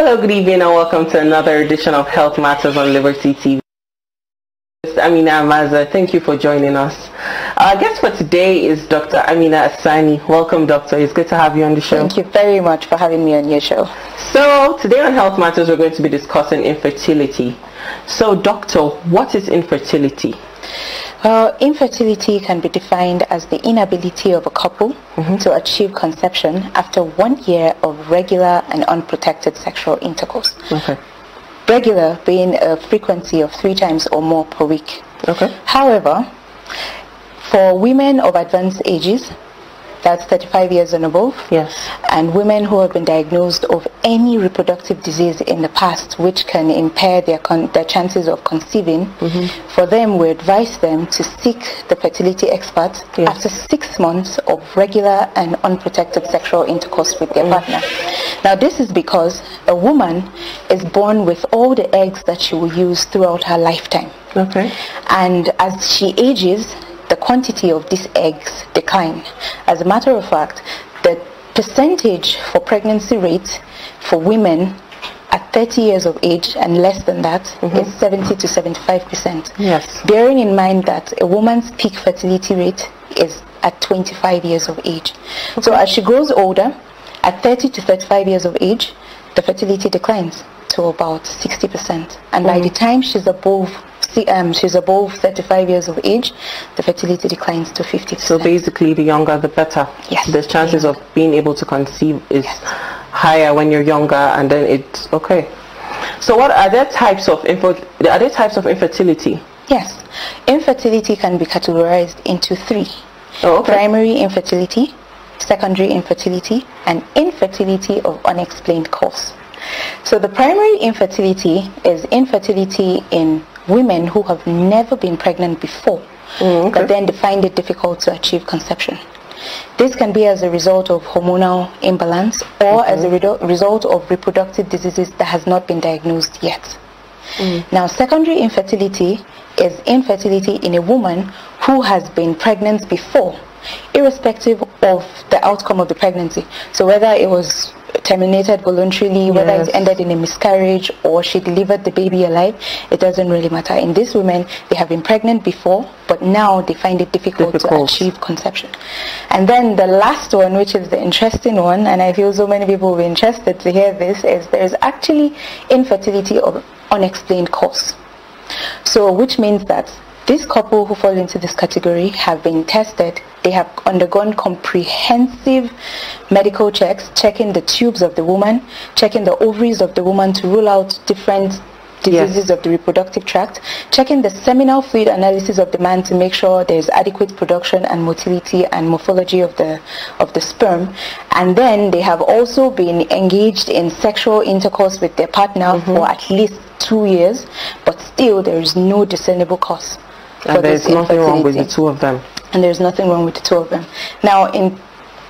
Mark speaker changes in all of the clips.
Speaker 1: Hello, good evening, and welcome to another edition of Health Matters on Liberty TV.
Speaker 2: Amina Maza, thank you for joining us. Our guest for today is Dr. Amina Asani. Welcome, Doctor. It's good to have you on the show. Thank you very much for having me on your show. So, today on Health Matters, we're going to be discussing infertility. So, Doctor, what is infertility?
Speaker 1: Uh, infertility can be defined as the inability of a couple mm-hmm. to achieve conception after one year of regular and unprotected sexual intercourse. Okay. Regular being a frequency of three times or more per week. Okay. However, for women of advanced ages, that's 35 years and above. Yes. And women who have been diagnosed of any reproductive disease in the past, which can impair their their chances of conceiving, mm-hmm. for them we advise them to seek the fertility experts yes. after six months of regular and unprotected sexual intercourse with their mm. partner. Now this is because a woman is born with all the eggs that she will use throughout her lifetime. Okay. And as she ages, the quantity of these eggs decline. As a matter of fact, the percentage for pregnancy rate for women at 30 years of age and less than that mm -hmm. is 70 to 75 percent. Yes. Bearing in mind that a woman's peak fertility rate is at 25 years of age. Okay. So as she grows older, at 30 to 35 years of age, the fertility declines to about 60%. And by the mm. time she's above um, she's above 35 years of age, the fertility declines to 50%. So
Speaker 2: basically, the younger, the better. Yes. The chances yes. of being able to conceive
Speaker 1: is yes. higher
Speaker 2: when you're younger, and then it's okay. So, what are there types of info- are there types of infertility?
Speaker 1: Yes, infertility can be categorized into three: oh, okay. primary infertility, secondary infertility, and infertility of unexplained cause. So the primary infertility is infertility in women who have never been pregnant before, mm, okay. but then they find it difficult to achieve conception. This can be as a result of hormonal imbalance or mm-hmm. as a re- result of reproductive diseases that has not been diagnosed yet. Mm. Now, secondary infertility is infertility in a woman who has been pregnant before irrespective of the outcome of the pregnancy. So whether it was terminated voluntarily, whether it ended in a miscarriage or she delivered the baby alive, it doesn't really matter. In these women, they have been pregnant before, but now they find it difficult, difficult, to achieve conception. And then the last one, which is the interesting one, and I feel so many people will be interested to hear this, is there is actually infertility of unexplained cause. So which means that these couple who fall into this category have been tested. They have undergone comprehensive medical checks, checking the tubes of the woman, checking the ovaries of the woman to rule out different diseases yes. of the reproductive tract, checking the seminal fluid analysis of the man to make sure there is adequate production and motility and morphology of the of the sperm, and then they have also been engaged in sexual intercourse with their partner mm -hmm. for at least two years, but still there is no discernible cause and there's nothing wrong with the two of them and there's nothing wrong with the two of them now in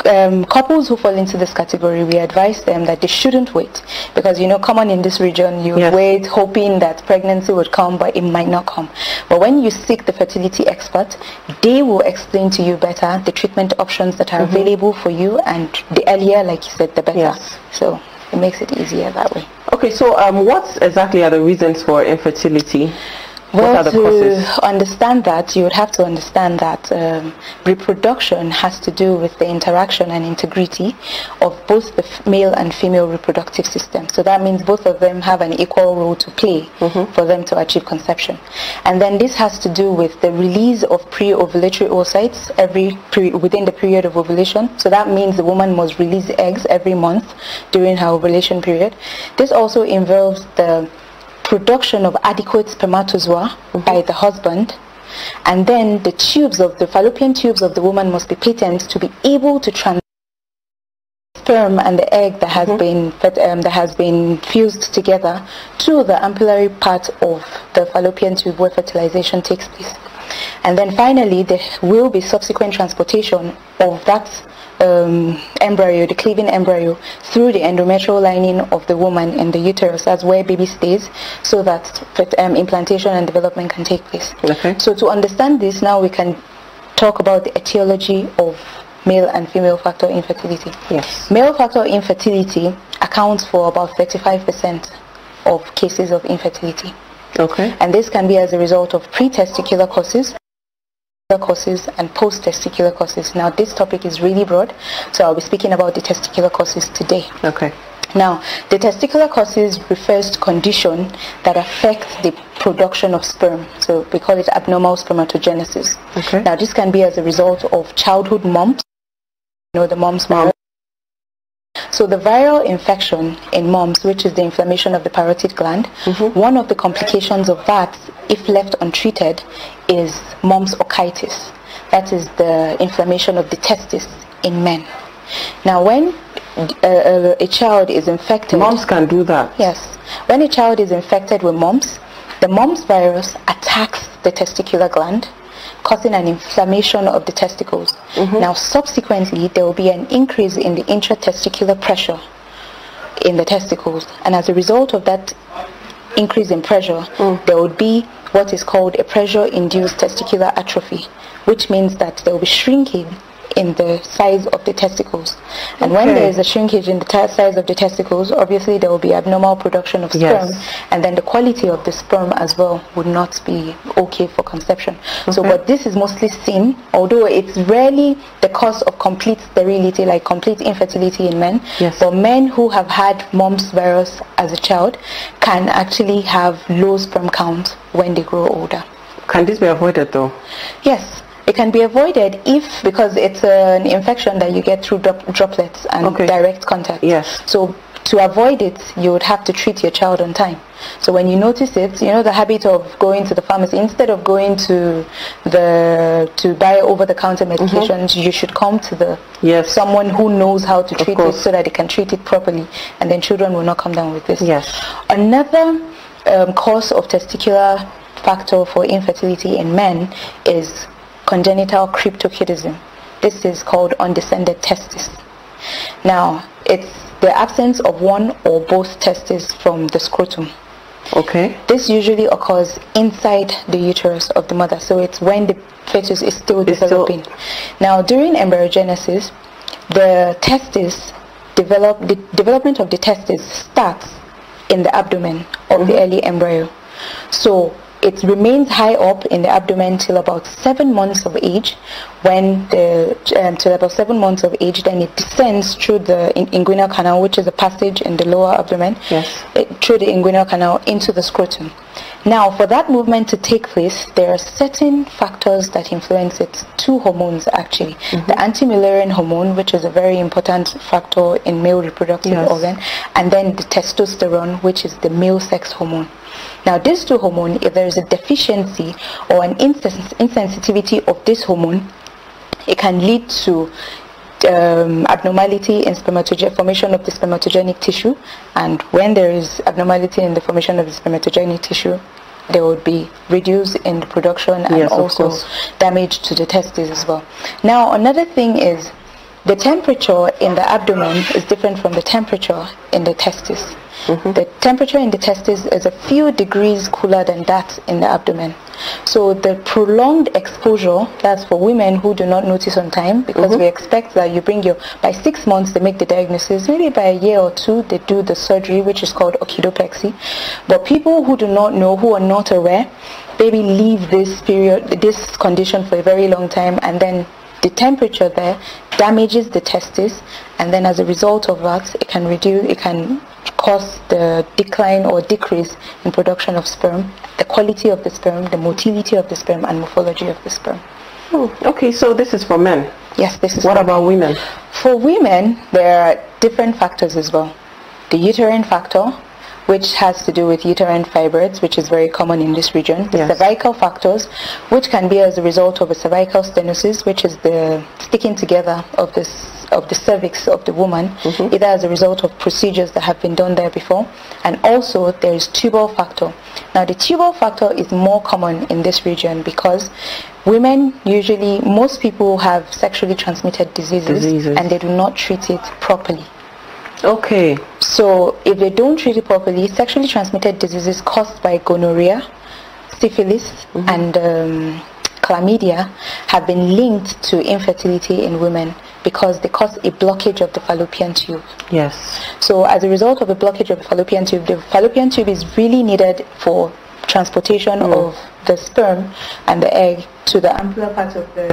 Speaker 1: um, couples who fall into this category, we advise them that they shouldn't wait because you know, common in this region, you yes. wait hoping that pregnancy would come, but it might not come. But when you seek the fertility expert, they will explain to you better the treatment options that are mm -hmm. available for you, and the earlier, like you said, the better. Yes. So it makes it easier that way.
Speaker 2: Okay, so um, what exactly are the reasons for infertility?
Speaker 1: Well, to understand that, you would have to understand that um, reproduction has to do with the interaction and integrity of both the male and female reproductive system. So that means both of them have an equal role to play mm -hmm. for them to achieve conception. And then this has to do with the release of pre-ovulatory oocytes every within the period of ovulation. So that means the woman must release eggs every month during her ovulation period. This also involves the production of adequate spermatozoa mm-hmm. by the husband and then the tubes of the fallopian tubes of the woman must be patent to be able to transfer sperm and the egg that has mm-hmm. been um, that has been fused together to the ampullary part of the fallopian tube where fertilization takes place and then finally there will be subsequent transportation of that um, embryo, the cleaving embryo, through the endometrial lining of the woman and the uterus. as where baby stays, so that um, implantation and development can take place. Okay. So to understand this, now we can talk about the etiology of male and female factor infertility. Yes. Male factor infertility accounts for about 35% of cases of infertility. Okay. And this can be as a result of pre-testicular causes, courses and post-testicular courses. Now this topic is really broad, so I'll be speaking about the testicular courses today. Okay. Now, the testicular causes refers to condition that affect the production of sperm. So we call it abnormal spermatogenesis. Okay. Now, this can be as a result of childhood mumps. You know, the mumps mouth so the viral infection in moms, which is the inflammation of the parotid gland, mm-hmm. one of the complications of that, if left untreated, is mom's orchitis. That is the inflammation of the testis in men. Now, when a, uh, a child is infected, moms can do that. Yes, when a child is infected with moms, the moms virus attacks the testicular gland causing an inflammation of the testicles. Mm-hmm. Now, subsequently, there will be an increase in the intratesticular pressure in the testicles, and as a result of that increase in pressure, mm. there would be what is called a pressure-induced testicular atrophy, which means that there will be shrinking in the size of the testicles. And okay. when there is a shrinkage in the size of the testicles, obviously there will be abnormal production of sperm, yes. and then the quality of the sperm as well would not be okay for conception. Okay. So, but this is mostly seen, although it's rarely the cause of complete sterility, like complete infertility in men. Yes. But men who have had mumps virus as a child can actually have low sperm count when they grow older.
Speaker 2: Can this be avoided though?
Speaker 1: Yes, it can be avoided if, because it's an infection that you get through drop, droplets and okay. direct contact. Yes. So to avoid it, you would have to treat your child on time. So when you notice it, you know the habit of going to the pharmacy instead of going to the to buy over-the-counter mm-hmm. medications, mm-hmm. you should come to the yes. someone who knows how to treat it so that they can treat it properly, and then children will not come down with this. Yes. Another um, cause of testicular factor for infertility in men is congenital cryptorchidism. This is called undescended testis. Now, it's the absence of one or both testes from the scrotum. Okay. This usually occurs inside the uterus of the mother, so it's when the fetus is still it's developing. Still... Now, during embryogenesis, the testes develop the development of the testes starts in the abdomen of mm -hmm. the mm-hmm. early embryo. So it remains high up in the abdomen till about seven months of age. When the um, till about seven months of age, then it descends through the inguinal canal, which is a passage in the lower abdomen, yes. It, eh, through the inguinal canal into the scrotum. Now, for that movement to take place, there are certain factors that influence it. Two hormones, actually, mm-hmm. the anti-mullerian hormone, which is a very important factor in male reproductive yes. organ, and then the testosterone, which is the male sex hormone. Now, this2 hormone, if there is a deficiency or an insens insensitivity of this hormone, it can lead to um, abnormality in spermatogen formation of the spermatogenic tissue and when there is abnormality in the formation of the spermatogenic tissue there would be reduced in the production and yes, also damage to the testes as well now another thing is the temperature in the abdomen is different from the temperature in the testes. Mm-hmm. The temperature in the testes is a few degrees cooler than that in the abdomen. So the prolonged exposure, that's for women who do not notice on time, because mm-hmm. we expect that you bring your, by six months they make the diagnosis, maybe by a year or two they do the surgery, which is called orchidopexy. But people who do not know, who are not aware, maybe leave this period, this condition for a very long time and then the temperature there damages the testes and then as a result of that it can reduce it can cause the decline or decrease in production of sperm the quality of the sperm the motility of the sperm and morphology of the sperm
Speaker 2: oh, okay so this is for men
Speaker 1: yes this is what about women for women there are different factors as well the uterine factor which has to do with uterine fibroids, which is very common in this region. The yes. cervical factors, which can be as a result of a cervical stenosis, which is the sticking together of the of the cervix of the woman, mm -hmm. either as a result of procedures that have been done there before, and also there is tubal factor. Now, the tubal factor is more common in this region because women usually, most people have sexually transmitted diseases, diseases. and they do not treat it properly. Okay, so if they don't treat it properly, sexually transmitted diseases caused by gonorrhea, syphilis, mm -hmm. and um, chlamydia have been linked to infertility in women because they cause a blockage of the fallopian tube. Yes. So as a result of a blockage of the fallopian tube, the fallopian tube is really needed for transportation mm. of the sperm and the egg to the ampulla part of the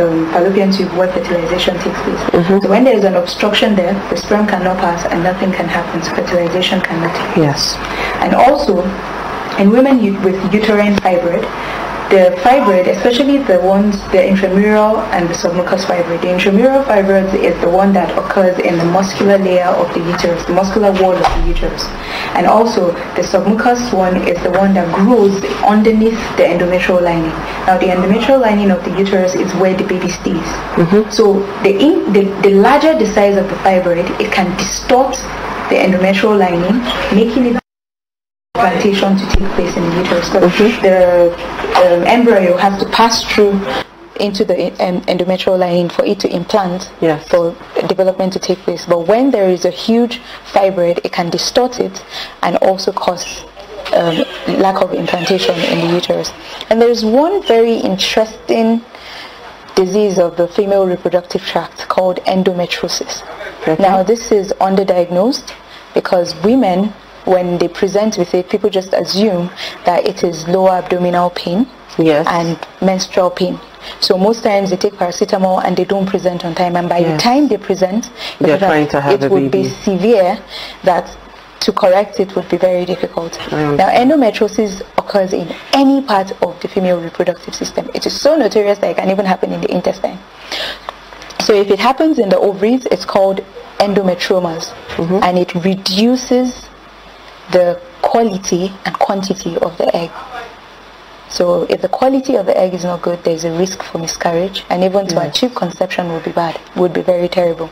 Speaker 1: um, fallopian tube where fertilization takes place. Mm-hmm. So when there is an obstruction there, the sperm cannot pass and nothing can happen. So fertilization cannot take place. Yes. And also, in women with uterine fibroid, the fibroid, especially the ones, the intramural and the submucous fibroid. The intramural fibroid is the one that occurs in the muscular layer of the uterus, the muscular wall of the uterus. And also the submucous one is the one that grows underneath the endometrial lining. Now the endometrial lining of the uterus is where the baby stays. Mm-hmm. So the, in, the, the larger the size of the fibroid, it can distort the endometrial lining, making it implantation to take place in the uterus because the um, embryo has to pass through into the um, endometrial lining for it to implant yes. for development to take place. But when there is a huge fibroid, it can distort it and also cause um, lack of implantation in the uterus. And there is one very interesting disease of the female reproductive tract called endometriosis. Okay. Now this is underdiagnosed because women when they present with it, people just assume that it is lower abdominal pain yes. and menstrual pain. So most times they take paracetamol and they don't present on time. And by yes. the time they present,
Speaker 2: They're trying to have it would baby. be
Speaker 1: severe that to correct it would be very difficult. Now, endometriosis occurs in any part of the female reproductive system. It is so notorious that it can even happen in the intestine. So if it happens in the ovaries, it's called endometriomas. Mm -hmm. And it reduces the quality and quantity of the egg. So if the quality of the egg is not good, there's a risk for miscarriage, and even to yes. achieve conception would be bad, would be very terrible.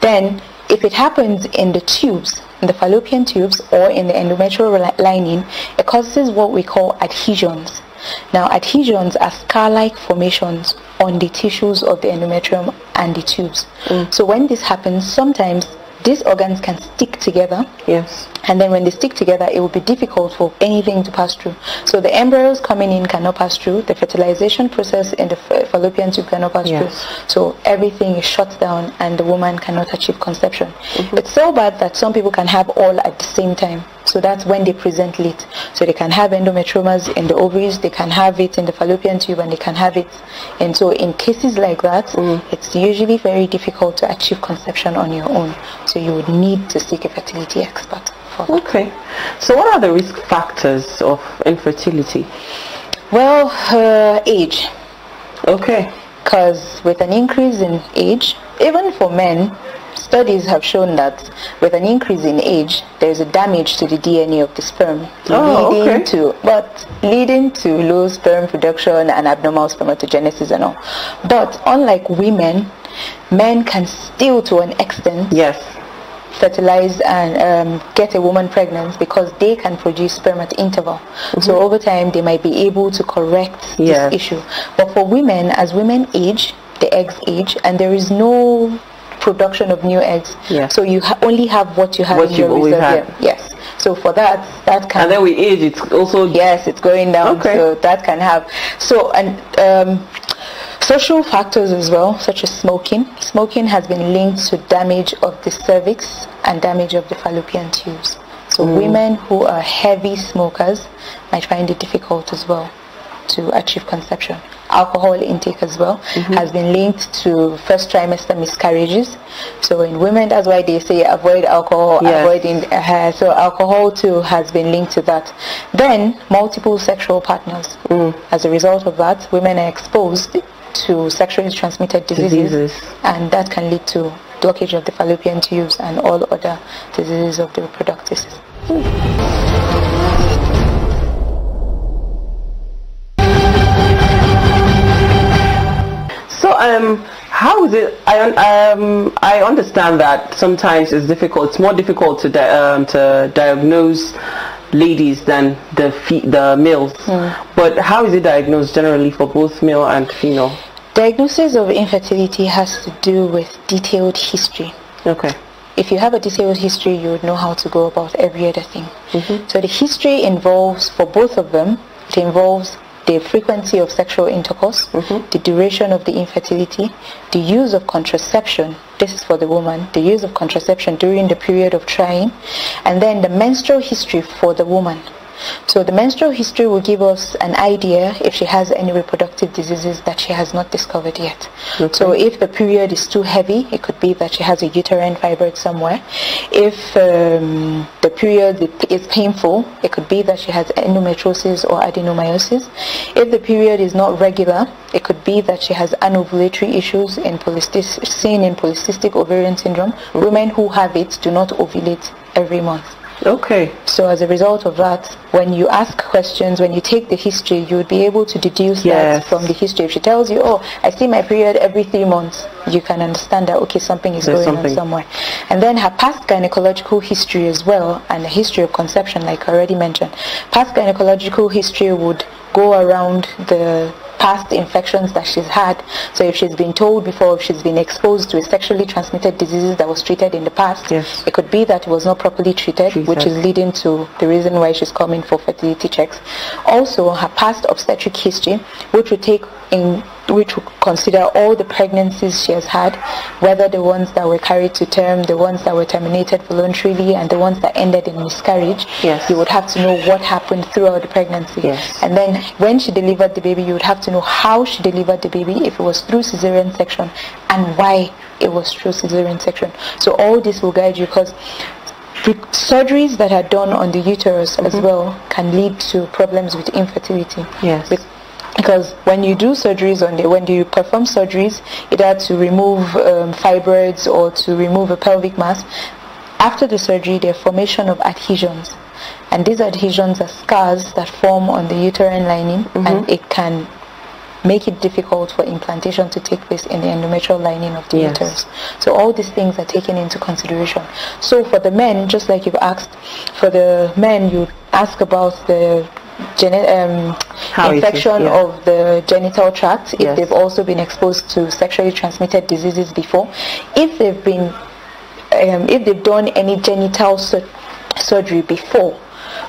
Speaker 1: Then, if it happens in the tubes, in the fallopian tubes, or in the endometrial lining, it causes what we call adhesions. Now, adhesions are scar-like formations on the tissues of the endometrium and the tubes. Mm. So when this happens, sometimes these organs can stick together. Yes and then when they stick together it will be difficult for anything to pass through so the embryos coming in cannot pass through the fertilization process in the fallopian tube cannot pass yes. through so everything is shut down and the woman cannot achieve conception mm-hmm. it's so bad that some people can have all at the same time so that's when they present late so they can have endometriomas in the ovaries they can have it in the fallopian tube and they can have it and so in cases like that mm. it's usually very difficult to achieve conception on your own so you would need to seek a fertility expert
Speaker 2: Okay. So what are the risk factors of infertility?
Speaker 1: Well, uh, age. Okay. Because with an increase in age, even for men, studies have shown that with an increase in age, there's a damage to the DNA of the sperm, oh, leading okay. to but leading to low sperm production and abnormal spermatogenesis and all. But unlike women, men can still, to an extent, yes fertilize and um, get a woman pregnant because they can produce sperm at interval. Mm-hmm. So over time, they might be able to correct yeah. this issue. But for women, as women age, the eggs age, and there is no production of new eggs. Yeah. So you ha- only have what you have what in your reserve. Yeah. Yes. So for that, that can. And then we age. It's also. Yes, it's going down. Okay. So that can have. So and um, Social factors as well, such as smoking. Smoking has been linked to damage of the cervix and damage of the fallopian tubes. So mm. women who are heavy smokers might find it difficult as well to achieve conception. Alcohol intake as well mm-hmm. has been linked to first trimester miscarriages. So in women, that's why they say avoid alcohol, yes. avoiding uh, so alcohol too has been linked to that. Then multiple sexual partners. Mm. As a result of that, women are exposed to sexually transmitted diseases, diseases, and that can lead to blockage of the fallopian tubes and all other diseases of the reproductive system.
Speaker 2: So um, how is it? I um, I understand that sometimes it's difficult. It's more difficult to di um, to diagnose ladies than the the males. Mm. But how is it diagnosed generally for both male and female?
Speaker 1: Diagnosis of infertility has to do with detailed history. Okay. If you have a detailed history, you would know how to go about every other thing. Mm -hmm. So the history involves, for both of them, it involves the frequency of sexual intercourse, mm-hmm. the duration of the infertility, the use of contraception. This is for the woman. The use of contraception during the period of trying, and then the menstrual history for the woman. So the menstrual history will give us an idea if she has any reproductive diseases that she has not discovered yet. Okay. So if the period is too heavy, it could be that she has a uterine fibroid somewhere. If um, the period is painful, it could be that she has endometriosis or adenomyosis. If the period is not regular, it could be that she has anovulatory issues in polycystic, seen in polycystic ovarian syndrome. Women who have it do not ovulate every month. Okay. So as a result of that, when you ask questions, when you take the history, you would be able to deduce yes. that from the history. If she tells you, oh, I see my period every three months, you can understand that, okay, something is There's going something. on somewhere. And then her past gynecological history as well, and the history of conception, like I already mentioned. Past gynecological history would go around the past infections that she's had. So if she's been told before, if she's been exposed to sexually transmitted diseases that was treated in the past, yes. it could be that it was not properly treated, treated, which is leading to the reason why she's coming for fertility checks. Also, her past obstetric history, which we take in which would consider all the pregnancies she has had, whether the ones that were carried to term, the ones that were terminated voluntarily, and the ones that ended in miscarriage. Yes. You would have to know what happened throughout the pregnancy. Yes. And then when she delivered the baby, you would have to know how she delivered the baby, if it was through cesarean section, and why it was through cesarean section. So all this will guide you because surgeries that are done on the uterus mm-hmm. as well can lead to problems with infertility. Yes. With because when you do surgeries on it, when you perform surgeries either to remove um, fibroids or to remove a pelvic mass after the surgery are formation of adhesions and these adhesions are scars that form on the uterine lining mm-hmm. and it can make it difficult for implantation to take place in the endometrial lining of the yes. uterus. So all these things are taken into consideration. So for the men, just like you've asked, for the men you ask about the geni- um, infection yeah. of the genital tract, if yes. they've also been exposed to sexually transmitted diseases before, if they've been, um, if they've done any genital sur- surgery before.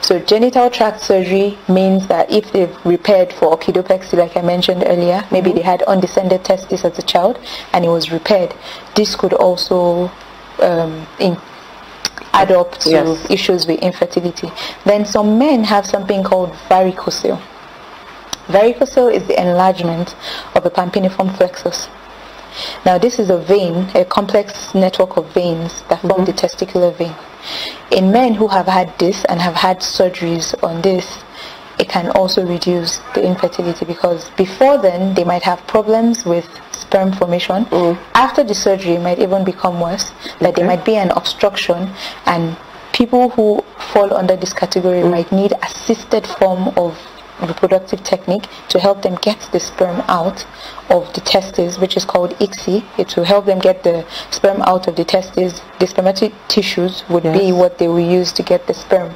Speaker 1: So genital tract surgery means that if they've repaired for orchidopexy, like I mentioned earlier, maybe mm-hmm. they had undescended testes as a child and it was repaired. This could also um, in- add up to yes. issues with infertility. Then some men have something called varicocele. Varicocele is the enlargement of the pampiniform plexus. Now this is a vein, a complex network of veins that form mm-hmm. the testicular vein. In men who have had this and have had surgeries on this, it can also reduce the infertility because before then they might have problems with sperm formation. Mm. After the surgery, it might even become worse. Okay. That there might be an obstruction, and people who fall under this category mm. might need assisted form of reproductive technique to help them get the sperm out of the testes, which is called ICSI. It will help them get the sperm out of the testes. The spermatic tissues would yes. be what they will use to get the sperm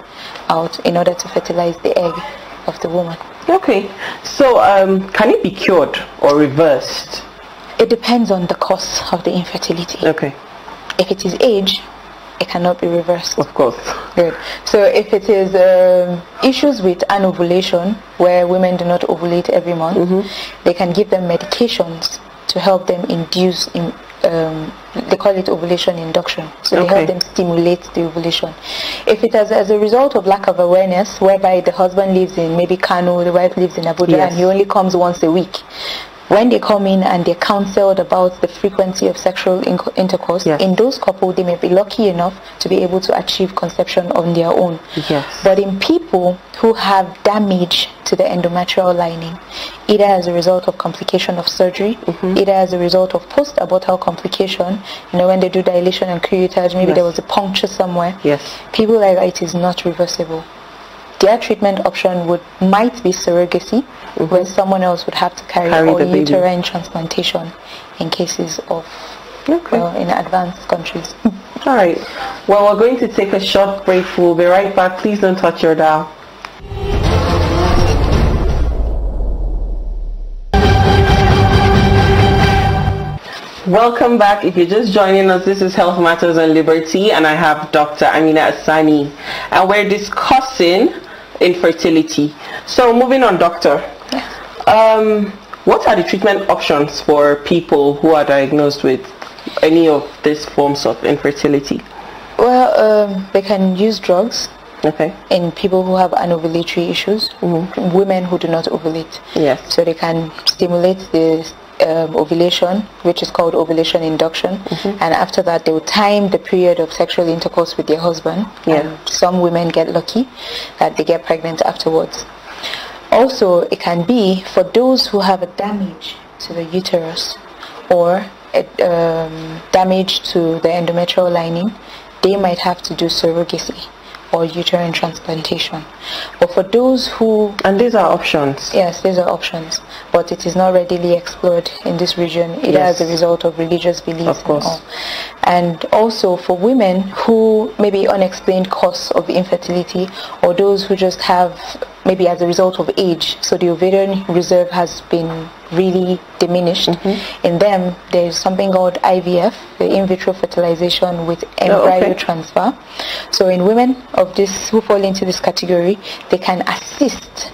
Speaker 1: out in order to fertilize the egg of the woman. Okay,
Speaker 2: so um, can it be cured or reversed?
Speaker 1: It depends on the cause of the infertility. Okay. If it is age, it cannot be reversed. Of course. Good. So if it is um, issues with an ovulation, where women do not ovulate every month, mm-hmm. they can give them medications to help them induce in, um, they call it ovulation induction. So okay. they help them stimulate the ovulation. If it is as a result of lack of awareness, whereby the husband lives in maybe Kano, the wife lives in Abuja, yes. and he only comes once a week, when they come in and they're counseled about the frequency of sexual intercourse, yes. in those couples, they may be lucky enough to be able to achieve conception on their own. Yes. But in people who have damage to the endometrial lining, either as a result of complication of surgery, mm-hmm. either as a result of post-abortal complication, you know, when they do dilation and curettage, maybe yes. there was a puncture somewhere. Yes. People like that, it is not reversible their treatment option would might be surrogacy, mm-hmm. where someone else would have to carry, carry or uterine transplantation in cases of okay. well, uh, in advanced countries. All right. Well, we're going to take a short break.
Speaker 2: We'll be right back. Please don't touch your dial. Welcome back. If you're just joining us, this is Health Matters and Liberty, and I have Dr. Amina Asani, and we're discussing infertility. So moving on, doctor. Um, what are the treatment options for people who are diagnosed with any of these forms of infertility?
Speaker 1: Well, um, they can use drugs. Okay. In people who have anovulatory ovulatory issues, mm -hmm. women who do not ovulate. Yes. So they can stimulate the um, ovulation, which is called ovulation induction, mm-hmm. and after that they will time the period of sexual intercourse with their husband. Yeah. some women get lucky that they get pregnant afterwards. Also, it can be for those who have a damage to the uterus or a, um, damage to the endometrial lining, they might have to do surrogacy or uterine transplantation. But for those who... And these are options. Yes, these are options. But it is not readily explored in this region, either yes. as a result of religious beliefs. Of course. And, and also for women who maybe unexplained cause of infertility or those who just have maybe as a result of age. So the ovarian reserve has been really diminished. Mm-hmm. In them, there's something called IVF, the in vitro fertilization with embryo oh, okay. transfer. So in women of this who fall into this category, they can assist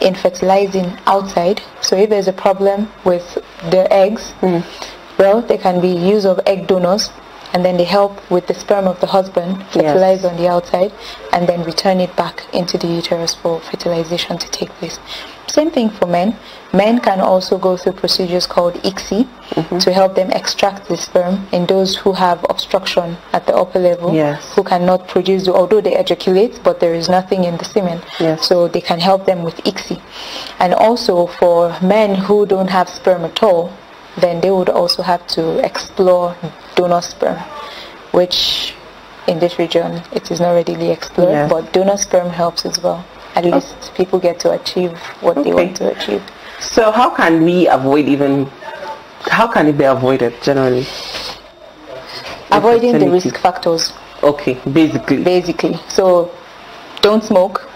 Speaker 1: in fertilizing outside. So if there's a problem with their eggs, mm. well, there can be use of egg donors and then they help with the sperm of the husband fertilize yes. on the outside and then return it back into the uterus for fertilization to take place. Same thing for men. Men can also go through procedures called ICSI mm-hmm. to help them extract the sperm in those who have obstruction at the upper level, yes. who cannot produce, although they ejaculate, but there is nothing in the semen. Yes. So they can help them with ICSI. And also for men who don't have sperm at all, then they would also have to explore donor sperm, which in this region it is not readily explored, but donor sperm helps as well. At okay. Oh. least people get to achieve what okay. they want
Speaker 2: to achieve. So how can we avoid even, how can it be avoided generally?
Speaker 1: Avoiding the risk factors. Okay, basically. Basically. So don't smoke,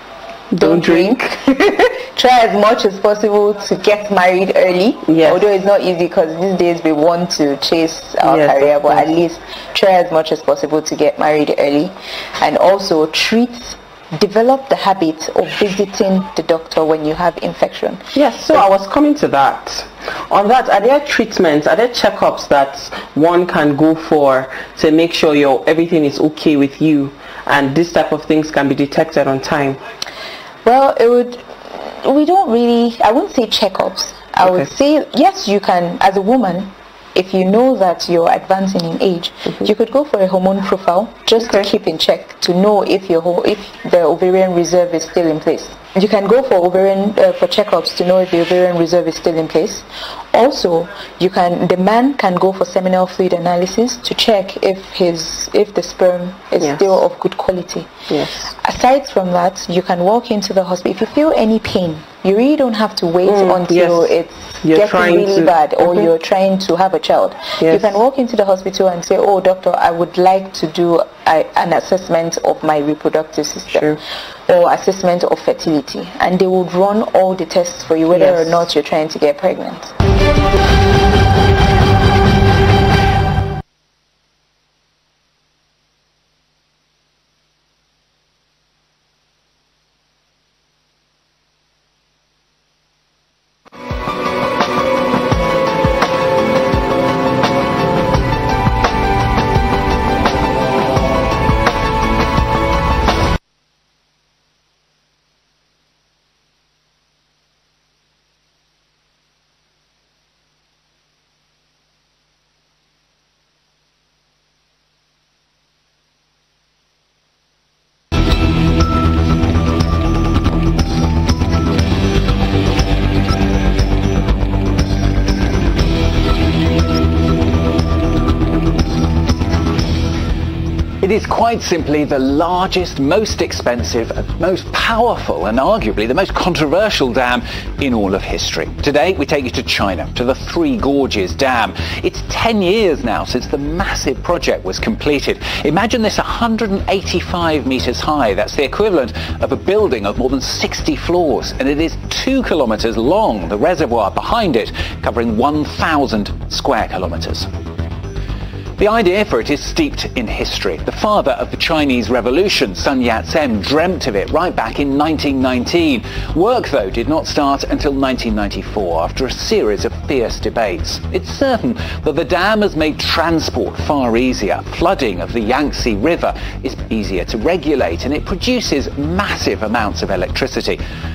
Speaker 1: don't, don't drink. drink. try as much as possible to get married early. Yes. Although it's not easy because these days we want to chase our yes, career, but at least try as much as possible to get married early. And also treat develop the habit of visiting the doctor when you have infection.
Speaker 2: Yes, so I was coming to that. On that, are there treatments, are there checkups that one can go for to make sure your everything is okay with you and this type of things can be detected on time?
Speaker 1: Well, it would we don't really, I wouldn't say checkups. I okay. would say, yes, you can, as a woman, if you know that you're advancing in age, mm-hmm. you could go for a hormone profile just okay. to keep in check to know if your if the ovarian reserve is still in place you can go for ovarian uh, for checkups to know if the ovarian reserve is still in place. Also, you can the man can go for seminal fluid analysis to check if his if the sperm is yes. still of good quality. Yes. Aside from that, you can walk into the hospital if you feel any pain you really don't have to wait mm, until yes. it's you're getting really to, bad or mm-hmm. you're trying to have a child. Yes. You can walk into the hospital and say, oh, doctor, I would like to do a, an assessment of my reproductive system sure. or assessment of fertility. And they would run all the tests for you, whether yes. or not you're trying to get pregnant.
Speaker 3: It is quite simply the largest, most expensive, most powerful and arguably the most controversial dam in all of history. Today we take you to China, to the Three Gorges Dam. It's 10 years now since the massive project was completed. Imagine this 185 metres high. That's the equivalent of a building of more than 60 floors and it is 2 kilometres long, the reservoir behind it covering 1,000 square kilometres. The idea for it is steeped in history. The father of the Chinese Revolution, Sun Yat-sen, dreamt of it right back in 1919. Work, though, did not start until 1994 after a series of fierce debates. It's certain that the dam has made transport far easier. Flooding of the Yangtze River is easier to regulate and it produces massive amounts of electricity.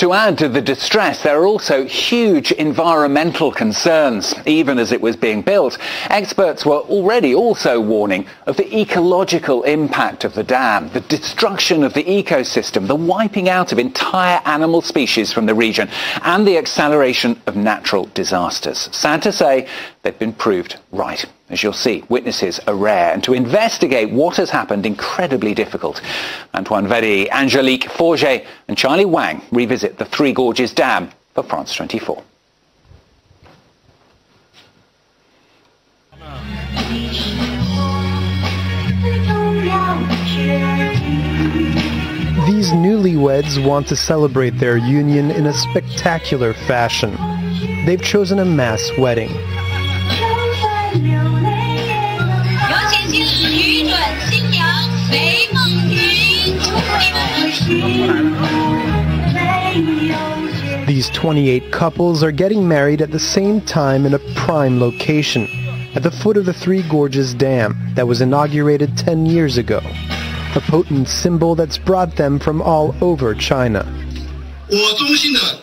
Speaker 3: To add to the distress, there are also huge environmental concerns. Even as it was being built, experts were already also warning of the ecological impact of the dam, the destruction of the ecosystem, the wiping out of entire animal species from the region, and the acceleration of natural disasters. Sad to say, they've been proved right. As you'll see, witnesses are rare, and to investigate what has happened, incredibly difficult. Antoine Verri, Angelique Forget, and Charlie Wang revisit the Three Gorges Dam for France 24.
Speaker 4: These newlyweds want to celebrate their union in a spectacular fashion. They've chosen a mass wedding. These 28 couples are getting married at the same time in a prime location, at the foot of the Three Gorges Dam that was inaugurated 10 years ago, a potent symbol that's brought them from all over China.
Speaker 1: The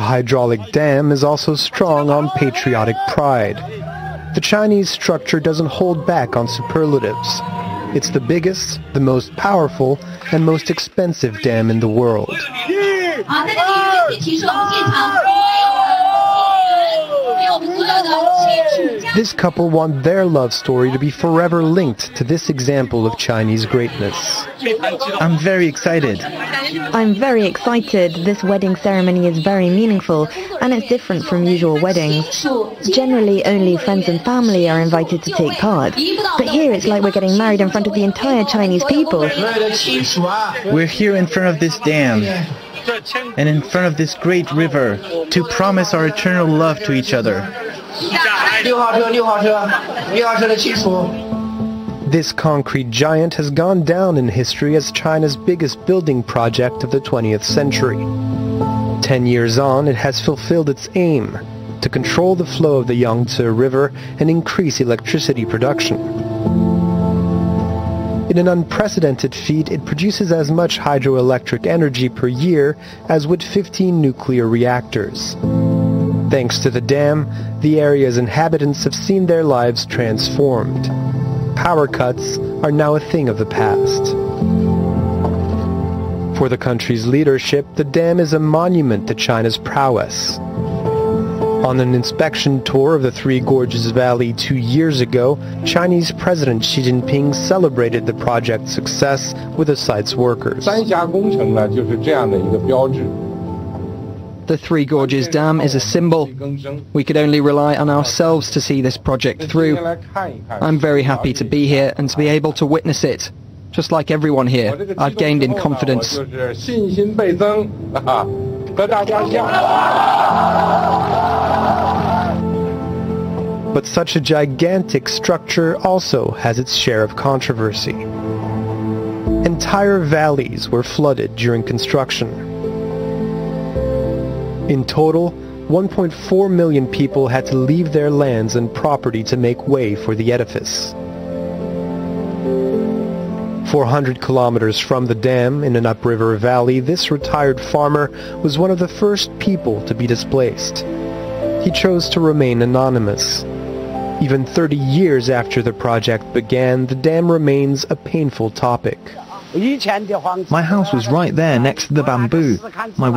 Speaker 4: hydraulic dam is also strong on patriotic pride. The Chinese structure doesn't hold back on superlatives. It's the biggest, the most powerful, and most expensive dam in the world.
Speaker 3: Ah,
Speaker 4: This couple want their love story to be forever linked to this example of Chinese greatness. I'm very excited.
Speaker 1: I'm very excited. This wedding ceremony is very meaningful and it's different from usual weddings. Generally, only friends and family are invited to take part. But here it's like we're getting married in front of the entire Chinese people.
Speaker 4: We're here in front of this dam and in front of this great river to promise our eternal love to each other.
Speaker 2: This
Speaker 4: concrete giant has gone down in history as China's biggest building project of the 20th century. Ten years on, it has fulfilled its aim to control the flow of the Yangtze River and increase electricity production. In an unprecedented feat, it produces as much hydroelectric energy per year as would 15 nuclear reactors. Thanks to the dam, the area's inhabitants have seen their lives transformed. Power cuts are now a thing of the past. For the country's leadership, the dam is a monument to China's prowess. On an inspection tour of the Three Gorges Valley two years ago, Chinese President Xi Jinping celebrated the project's success with the site's workers. 三峡工程呢,就是这样的一个标志。the Three Gorges Dam is a symbol. We could only rely on ourselves to see this project through. I'm very happy to be here and to be able to witness it. Just like everyone here, I've gained in confidence. But such a gigantic structure also has its share of controversy. Entire valleys were flooded during construction. In total, 1.4 million people had to leave their lands and property to make way for the edifice. 400 kilometers from the dam in an upriver valley, this retired farmer was one of the first people to be displaced. He chose to remain anonymous. Even 30 years after the project began, the dam remains a painful topic. My house was right there next to the bamboo. My